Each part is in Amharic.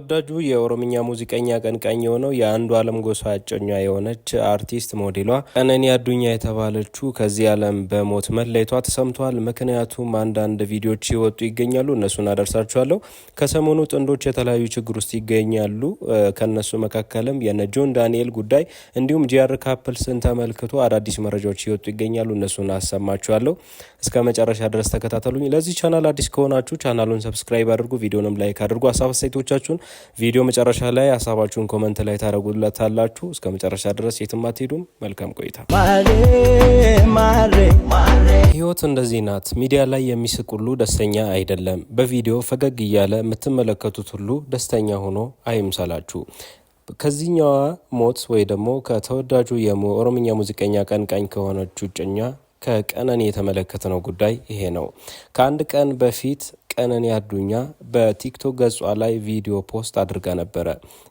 ተወዳጁ የኦሮምኛ ሙዚቀኛ ቀንቃኝ የሆነው የአንዱ አለም ጎሳ እጮኛ የሆነች አርቲስት ሞዴሏ ቀነኒ አዱኛ የተባለችው ከዚህ ዓለም በሞት መለየቷ ተሰምቷል። ምክንያቱም አንዳንድ ቪዲዮዎች ይወጡ ይገኛሉ። እነሱን አደርሳችኋለሁ። ከሰሞኑ ጥንዶች የተለያዩ ችግር ውስጥ ይገኛሉ። ከነሱ መካከልም የነ ጆን ዳንኤል ጉዳይ እንዲሁም ጂአር ካፕልስን ተመልክቶ አዳዲስ መረጃዎች ይወጡ ይገኛሉ። እነሱን አሰማችኋለሁ። እስከ መጨረሻ ድረስ ተከታተሉኝ። ለዚህ ቻናል አዲስ ከሆናችሁ ቻናሉን ሰብስክራይብ አድርጉ፣ ቪዲዮንም ላይክ አድርጉ። ሀሳብ አስተያየቶቻችሁን ቪዲዮ መጨረሻ ላይ ሀሳባችሁን ኮመንት ላይ ታደረጉለታላችሁ። እስከ መጨረሻ ድረስ የትም አትሄዱም። መልካም ቆይታ። ህይወት እንደዚህ ናት። ሚዲያ ላይ የሚስቅ ሁሉ ደስተኛ አይደለም። በቪዲዮ ፈገግ እያለ የምትመለከቱት ሁሉ ደስተኛ ሆኖ አይምሰላችሁ። ከዚህኛዋ ሞት ወይ ደግሞ ከተወዳጁ የኦሮምኛ ሙዚቀኛ ቀንቃኝ ከሆነች እጮኛ ከቀነኒ ነው ጉዳይ ይሄ ነው። ከአንድ ቀን በፊት ቀነኒ አዱኛ በቲክቶክ ገጿ ላይ ቪዲዮ ፖስት አድርጋ ነበረ።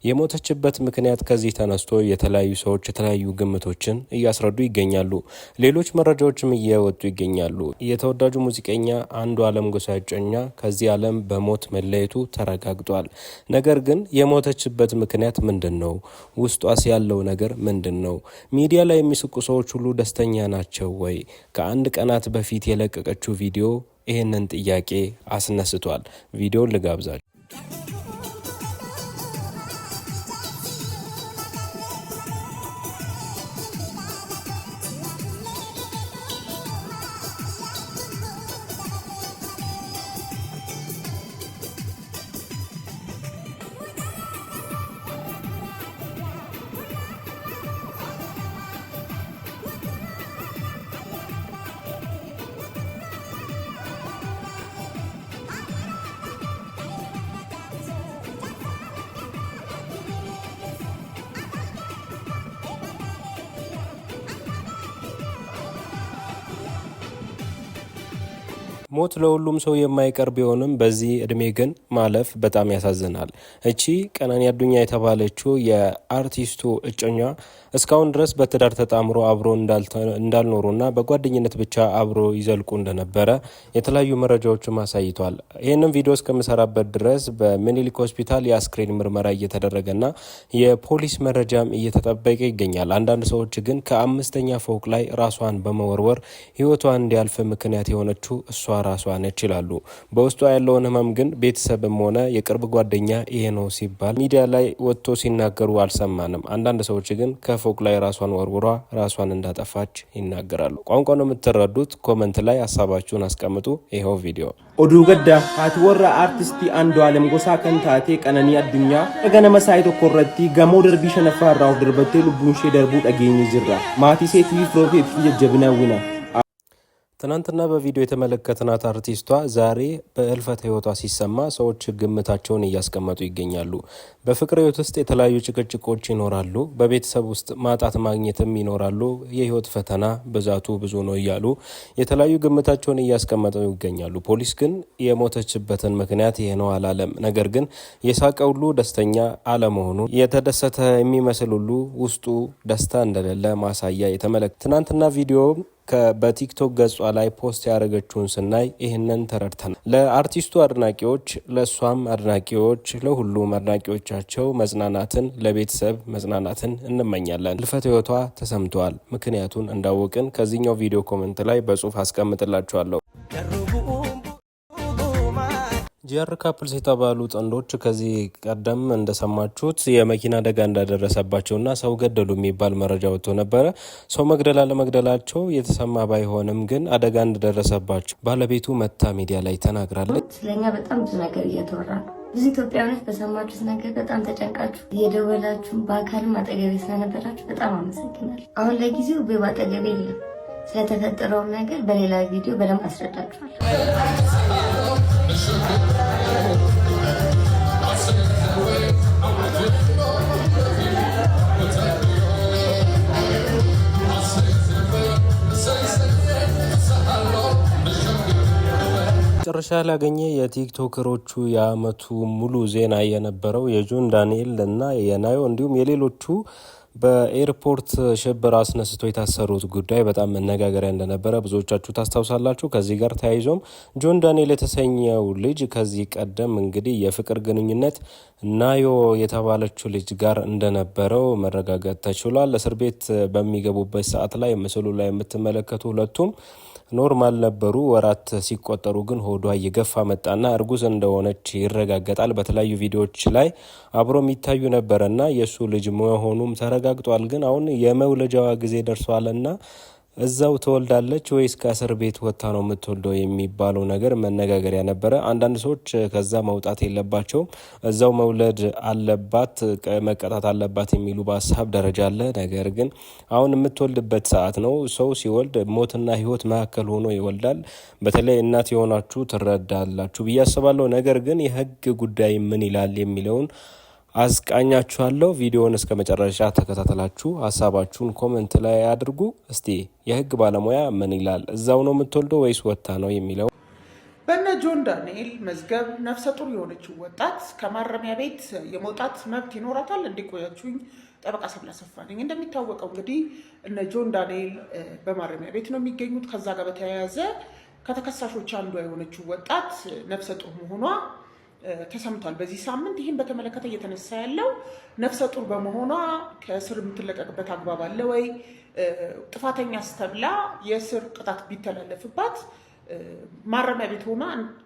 የሞተችበት ምክንያት ከዚህ ተነስቶ የተለያዩ ሰዎች የተለያዩ ግምቶችን እያስረዱ ይገኛሉ። ሌሎች መረጃዎችም እየወጡ ይገኛሉ። የተወዳጁ ሙዚቀኛ አንዱ አለም ጎሳ እጮኛ ከዚህ ዓለም በሞት መለየቱ ተረጋግጧል። ነገር ግን የሞተችበት ምክንያት ምንድን ነው? ውስጧስ ያለው ነገር ምንድን ነው? ሚዲያ ላይ የሚስቁ ሰዎች ሁሉ ደስተኛ ናቸው ወይ? ከአንድ ቀናት በፊት የለቀቀችው ቪዲዮ ይህንን ጥያቄ አስነስቷል። ቪዲዮን ልጋብዛችሁ። ሞት ለሁሉም ሰው የማይቀር ቢሆንም በዚህ እድሜ ግን ማለፍ በጣም ያሳዝናል። እቺ ቀነኒ አዱኛ የተባለችው የአርቲስቱ እጮኛ እስካሁን ድረስ በትዳር ተጣምሮ አብሮ እንዳልኖሩና በጓደኝነት ብቻ አብሮ ይዘልቁ እንደነበረ የተለያዩ መረጃዎችም አሳይቷል። ይህንም ቪዲዮ እስከምሰራበት ድረስ በምኒልክ ሆስፒታል የአስክሬን ምርመራ እየተደረገና የፖሊስ መረጃም እየተጠበቀ ይገኛል። አንዳንድ ሰዎች ግን ከአምስተኛ ፎቅ ላይ ራሷን በመወርወር ህይወቷን እንዲያልፍ ምክንያት የሆነችው እሷ ራሷ ነች ይላሉ። በውስጧ ያለውን ህመም ግን ቤተሰብም ሆነ የቅርብ ጓደኛ ይሄ ነው ሲባል ሚዲያ ላይ ወጥቶ ሲናገሩ አልሰማንም። አንዳንድ ሰዎች ግን ከፎቅ ላይ ራሷን ወርውሯ ራሷን እንዳጠፋች ይናገራሉ። ቋንቋ ነው የምትረዱት? ኮመንት ላይ ሀሳባችሁን አስቀምጡ። ይኸው ቪዲዮ ኦዱ ገዳ ሀትወራ አርቲስቲ አንዱ አለም ጎሳ ከንታቴ ቀነኒ አዱኛ እገነ መሳይ ተኮረቲ ገሞ ደርቢ ሸነፋራው ድርበቴ ልቡንሼ ደርቡ ጠጌኝ ዝራ ማቲሴ ፊፍሮፌ ፊየ ጀብና ዊና ትናንትና በቪዲዮ የተመለከትናት አርቲስቷ ዛሬ በእልፈት ህይወቷ ሲሰማ ሰዎች ግምታቸውን እያስቀመጡ ይገኛሉ። በፍቅር ህይወት ውስጥ የተለያዩ ጭቅጭቆች ይኖራሉ። በቤተሰብ ውስጥ ማጣት ማግኘትም ይኖራሉ። የህይወት ፈተና ብዛቱ ብዙ ነው እያሉ የተለያዩ ግምታቸውን እያስቀመጡ ይገኛሉ። ፖሊስ ግን የሞተችበትን ምክንያት ይህ ነው አላለም። ነገር ግን የሳቀ ሁሉ ደስተኛ አለመሆኑ የተደሰተ የሚመስል ሁሉ ውስጡ ደስታ እንደሌለ ማሳያ የተመለከ ትናንትና ቪዲዮ በቲክቶክ ገጿ ላይ ፖስት ያደረገችውን ስናይ ይህንን ተረድተናል። ለአርቲስቱ አድናቂዎች፣ ለእሷም አድናቂዎች፣ ለሁሉም አድናቂዎቻቸው መጽናናትን፣ ለቤተሰብ መጽናናትን እንመኛለን። ልፈት ህይወቷ ተሰምተዋል። ምክንያቱን እንዳወቅን ከዚህኛው ቪዲዮ ኮመንት ላይ በጽሁፍ አስቀምጥላችኋለሁ። ጂአር ካፕልስ የተባሉ ጥንዶች ከዚህ ቀደም እንደሰማችሁት የመኪና አደጋ እንዳደረሰባቸውና ሰው ገደሉ የሚባል መረጃ ወጥቶ ነበረ። ሰው መግደል አለመግደላቸው የተሰማ ባይሆንም ግን አደጋ እንደደረሰባቸው ባለቤቱ መታ ሚዲያ ላይ ተናግራለች። ስለኛ በጣም ብዙ ነገር እየተወራ ነው። ብዙ ኢትዮጵያውያኖች በሰማችሁት ነገር በጣም ተጨንቃችሁ እየደወላችሁ በአካልም አጠገቤ ስለነበራችሁ በጣም አመሰግናለሁ። አሁን ለጊዜው ቤ አጠገቤ የለም። ስለተፈጠረውም ነገር በሌላ ቪዲዮ በደንብ አስረዳችኋለሁ። መጨረሻ ላገኘ የቲክቶከሮቹ የአመቱ ሙሉ ዜና የነበረው የጆን ዳንኤል እና የናዮ እንዲሁም የሌሎቹ በኤርፖርት ሽብር አስነስቶ የታሰሩት ጉዳይ በጣም መነጋገሪያ እንደነበረ ብዙዎቻችሁ ታስታውሳላችሁ። ከዚህ ጋር ተያይዞም ጆን ዳንኤል የተሰኘው ልጅ ከዚህ ቀደም እንግዲህ የፍቅር ግንኙነት ናዮ የተባለችው ልጅ ጋር እንደነበረው መረጋገጥ ተችሏል። እስር ቤት በሚገቡበት ሰዓት ላይ ምስሉ ላይ የምትመለከቱ ሁለቱም ኖርማል ነበሩ። ወራት ሲቆጠሩ ግን ሆዷ እየገፋ መጣና እርጉዝ እንደሆነች ይረጋገጣል። በተለያዩ ቪዲዮዎች ላይ አብሮ የሚታዩ ነበረና የእሱ ልጅ መሆኑም ተረጋግጧል። ግን አሁን የመውለጃዋ ጊዜ ደርሷልና እዛው ትወልዳለች ወይስ ከእስር ቤት ወጥታ ነው የምትወልደው የሚባለው ነገር መነጋገሪያ ነበረ። አንዳንድ ሰዎች ከዛ መውጣት የለባቸውም እዛው መውለድ አለባት መቀጣት አለባት የሚሉ በሀሳብ ደረጃ አለ። ነገር ግን አሁን የምትወልድበት ሰዓት ነው። ሰው ሲወልድ ሞትና ሕይወት መካከል ሆኖ ይወልዳል። በተለይ እናት የሆናችሁ ትረዳላችሁ ብዬ አስባለሁ። ነገር ግን የህግ ጉዳይ ምን ይላል የሚለውን አስቃኛችኋለሁ። ቪዲዮውን እስከ መጨረሻ ተከታተላችሁ ሀሳባችሁን ኮመንት ላይ አድርጉ። እስቲ የህግ ባለሙያ ምን ይላል? እዛው ነው የምትወልደው ወይስ ወታ ነው የሚለው በነ ጆን ዳንኤል መዝገብ ነፍሰ ጡር የሆነችው ወጣት ከማረሚያ ቤት የመውጣት መብት ይኖራታል? እንዲቆያችሁኝ ጠበቃ ሰብላሰፋ ነኝ። እንደሚታወቀው እንግዲህ እነ ጆን ዳንኤል በማረሚያ ቤት ነው የሚገኙት። ከዛ ጋር በተያያዘ ከተከሳሾች አንዷ የሆነችው ወጣት ነፍሰ ጡር መሆኗ ተሰምቷል። በዚህ ሳምንት ይህን በተመለከተ እየተነሳ ያለው ነፍሰ ጡር በመሆኗ ከእስር የምትለቀቅበት አግባብ አለ ወይ? ጥፋተኛ ስተብላ የእስር ቅጣት ቢተላለፍባት ማረሚያ ቤት ሆና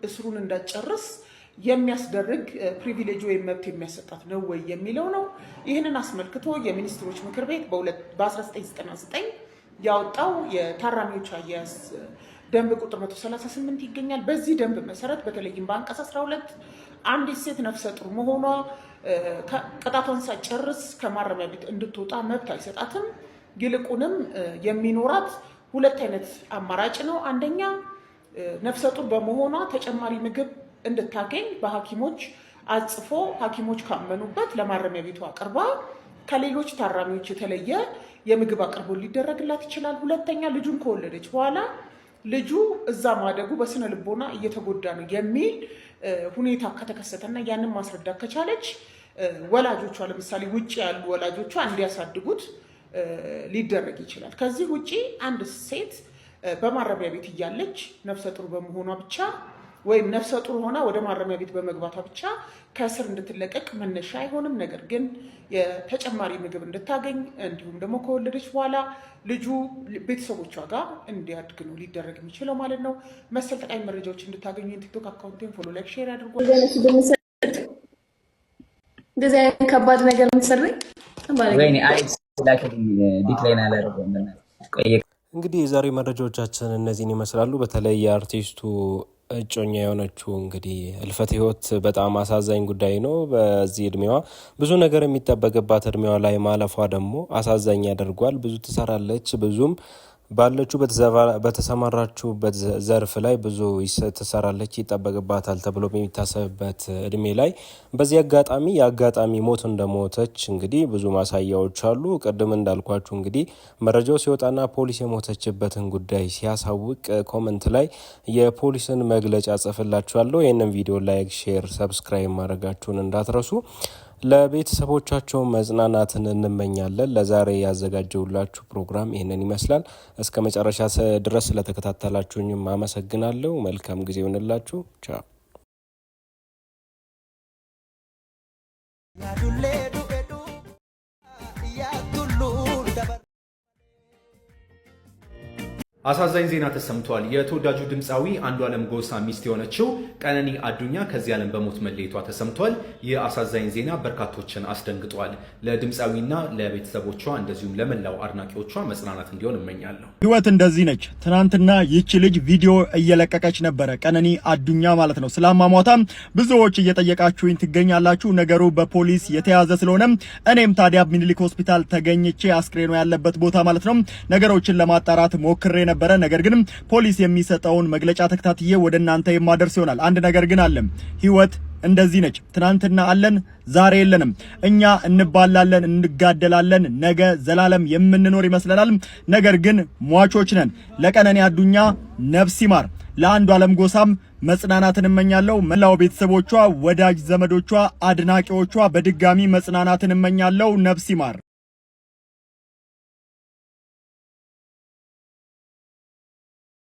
እስሩን እንዳጨርስ የሚያስደርግ ፕሪቪሌጅ ወይም መብት የሚያሰጣት ነው ወይ የሚለው ነው። ይህንን አስመልክቶ የሚኒስትሮች ምክር ቤት በ1999 ያወጣው የታራሚዎች አያያዝ ደንብ ቁጥር 138 ይገኛል። በዚህ ደንብ መሰረት በተለይም በአንቀጽ 12 አንዲት ሴት ነፍሰ ጡር መሆኗ ቅጣቷን ሳጨርስ ከማረሚያ ቤት እንድትወጣ መብት አይሰጣትም። ይልቁንም የሚኖራት ሁለት አይነት አማራጭ ነው። አንደኛ ነፍሰ ጡር በመሆኗ ተጨማሪ ምግብ እንድታገኝ በሐኪሞች አጽፎ ሐኪሞች ካመኑበት ለማረሚያ ቤቱ አቅርባ ከሌሎች ታራሚዎች የተለየ የምግብ አቅርቦት ሊደረግላት ይችላል። ሁለተኛ ልጁን ከወለደች በኋላ ልጁ እዛ ማደጉ በስነ ልቦና እየተጎዳ ነው የሚል ሁኔታ ከተከሰተና ያንን ማስረዳት ከቻለች ወላጆቿ ለምሳሌ ውጭ ያሉ ወላጆቿ እንዲያሳድጉት ሊደረግ ይችላል። ከዚህ ውጭ አንድ ሴት በማረቢያ ቤት እያለች ነፍሰ ጡር በመሆኗ ብቻ ወይም ነፍሰ ጡር ሆና ወደ ማረሚያ ቤት በመግባቷ ብቻ ከእስር እንድትለቀቅ መነሻ አይሆንም። ነገር ግን የተጨማሪ ምግብ እንድታገኝ እንዲሁም ደግሞ ከወለደች በኋላ ልጁ ቤተሰቦቿ ጋር እንዲያድግ ነው ሊደረግ የሚችለው ማለት ነው። መሰል ጠቃሚ መረጃዎች እንድታገኙ ቲክቶክ አካውንቴን ፎሎ፣ ላይክ፣ ሼር አድርጓል። እንደዚህ አይነት ከባድ ነገር የምትሰራኝ እንግዲህ የዛሬ መረጃዎቻችን እነዚህን ይመስላሉ። በተለይ የአርቲስቱ እጮኛ የሆነችው እንግዲህ እልፈት ህይወት በጣም አሳዛኝ ጉዳይ ነው። በዚህ እድሜዋ ብዙ ነገር የሚጠበቅባት እድሜዋ ላይ ማለፏ ደግሞ አሳዛኝ ያደርጓል። ብዙ ትሰራለች፣ ብዙም ባለችው በተሰማራችሁበት ዘርፍ ላይ ብዙ ትሰራለች ይጠበቅባታል ተብሎ በሚታሰብበት እድሜ ላይ በዚህ አጋጣሚ የአጋጣሚ ሞት እንደሞተች እንግዲህ ብዙ ማሳያዎች አሉ። ቅድም እንዳልኳችሁ እንግዲህ መረጃው ሲወጣና ፖሊስ የሞተችበትን ጉዳይ ሲያሳውቅ ኮመንት ላይ የፖሊስን መግለጫ ጽፍላችኋለሁ። ይህንን ቪዲዮ ላይክ፣ ሼር፣ ሰብስክራይብ ማድረጋችሁን እንዳትረሱ። ለቤተሰቦቻቸው መጽናናትን እንመኛለን። ለዛሬ ያዘጋጀውላችሁ ፕሮግራም ይህንን ይመስላል። እስከ መጨረሻ ድረስ ስለተከታተላችሁኝም አመሰግናለሁ። መልካም ጊዜ ይሆንላችሁ። ቻው አሳዛኝ ዜና ተሰምቷል። የተወዳጁ ድምፃዊ አንዱዓለም ጎሳ ሚስት የሆነችው ቀነኒ አዱኛ ከዚህ ዓለም በሞት መለየቷ ተሰምቷል። ይህ አሳዛኝ ዜና በርካቶችን አስደንግጧል። ለድምፃዊና ለቤተሰቦቿ እንደዚሁም ለመላው አድናቂዎቿ መጽናናት እንዲሆን እመኛለሁ። ህይወት እንደዚህ ነች። ትናንትና ይቺ ልጅ ቪዲዮ እየለቀቀች ነበረ፣ ቀነኒ አዱኛ ማለት ነው። ስለ ብዙዎች እየጠየቃችሁኝ ትገኛላችሁ። ነገሩ በፖሊስ የተያዘ ስለሆነም እኔም ታዲያ ሚኒሊክ ሆስፒታል ተገኝቼ አስክሬኗ ያለበት ቦታ ማለት ነው ነገሮችን ለማጣራት ሞክሬ ነበረ። ነገር ግን ፖሊስ የሚሰጠውን መግለጫ ተከታትዬ ወደ እናንተ የማደርስ ይሆናል። አንድ ነገር ግን አለም ህይወት እንደዚህ ነች። ትናንትና አለን፣ ዛሬ የለንም። እኛ እንባላለን፣ እንጋደላለን፣ ነገ ዘላለም የምንኖር ይመስለናል። ነገር ግን ሟቾች ነን። ለቀነኔ አዱኛ ነፍስ ይማር፣ ለአንዱ ዓለም ጎሳም መጽናናትን እመኛለሁ። መላው ቤተሰቦቿ፣ ወዳጅ ዘመዶቿ፣ አድናቂዎቿ በድጋሚ መጽናናትን እመኛለሁ። ነፍስ ይማር።